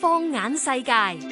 放眼世界。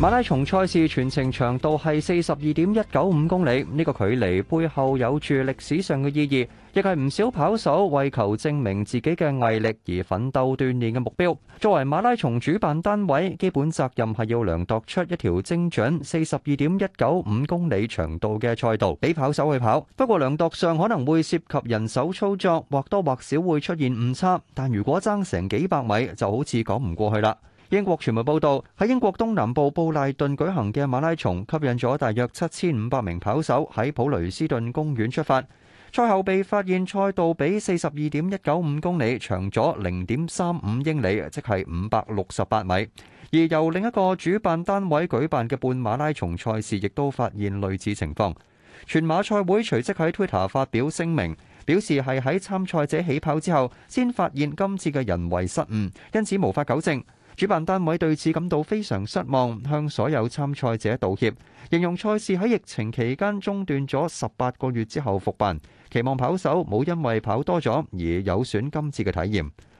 馬拉松賽事全程長度係四十二點一九五公里，呢個距離背後有住歷史上嘅意義，亦係唔少跑手為求證明自己嘅毅力而奮鬥鍛鍊嘅目標。作為馬拉松主辦單位，基本責任係要量度出一條精準四十二點一九五公里長度嘅賽道俾跑手去跑。不過量度上可能會涉及人手操作，或多或少會出現誤差。但如果爭成幾百米，就好似講唔過去啦。英國傳媒報道，喺英國東南部布賴頓舉行嘅馬拉松，吸引咗大約七千五百名跑手喺普雷斯頓公園出發。賽後被發現賽道比四十二點一九五公里長咗零點三五英里，即係五百六十八米。而由另一個主辦單位舉辦嘅半馬拉松賽事，亦都發現類似情況。全馬賽會隨即喺 Twitter 發表聲明，表示係喺參賽者起跑之後先發現今次嘅人為失誤，因此無法糾正。主辦單位對此感到非常失望，向所有參賽者道歉，形容賽事喺疫情期間中斷咗十八個月之後復辦，期望跑手冇因為跑多咗而有損今次嘅體驗。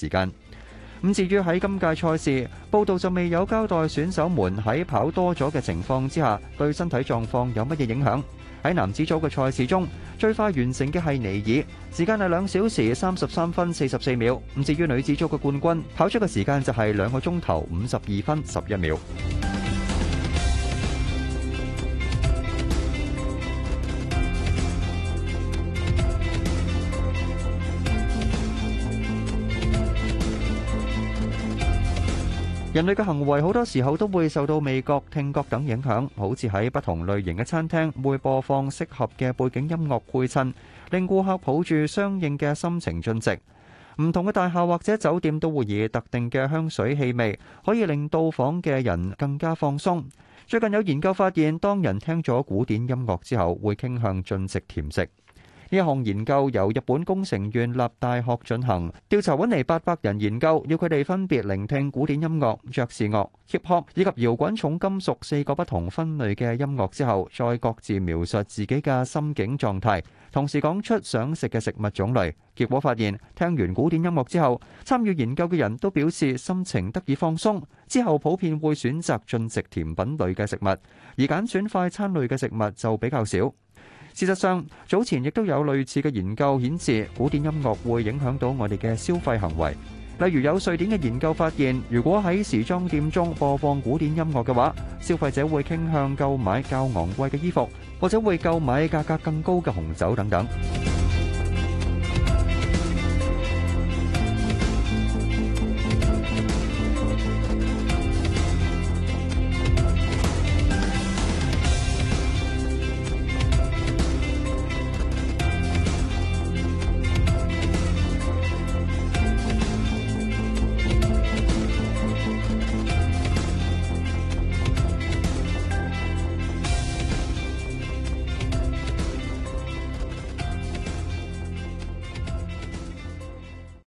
時間咁、嗯、至於喺今屆賽事報道就未有交代選手們喺跑多咗嘅情況之下，對身體狀況有乜嘢影響。喺男子組嘅賽事中，最快完成嘅係尼爾，時間係兩小時三十三分四十四秒。咁、嗯、至於女子組嘅冠軍，跑出嘅時間就係兩個鐘頭五十二分十一秒。人類嘅行為好多時候都會受到味覺、聽覺等影響，好似喺不同類型嘅餐廳，會播放適合嘅背景音樂配襯，令顧客抱住相應嘅心情進食。唔同嘅大廈或者酒店都會以特定嘅香水氣味，可以令到訪嘅人更加放鬆。最近有研究發現，當人聽咗古典音樂之後，會傾向進食甜食。呢項研究由日本工程院立大學進行調查，揾嚟八百人研究，要佢哋分別聆聽古典音樂、爵士樂、hip hop 以及搖滾、重金屬四個不同分類嘅音樂之後，再各自描述自己嘅心境狀態，同時講出想食嘅食物種類。結果發現，聽完古典音樂之後，參與研究嘅人都表示心情得以放鬆，之後普遍會選擇進食甜品類嘅食物，而揀選快餐類嘅食物就比較少。事實上，早前亦都有類似嘅研究顯示，古典音樂會影響到我哋嘅消費行為。例如，有瑞典嘅研究發現，如果喺時裝店中播放古典音樂嘅話，消費者會傾向購買較昂貴嘅衣服，或者會購買價格更高嘅紅酒等等。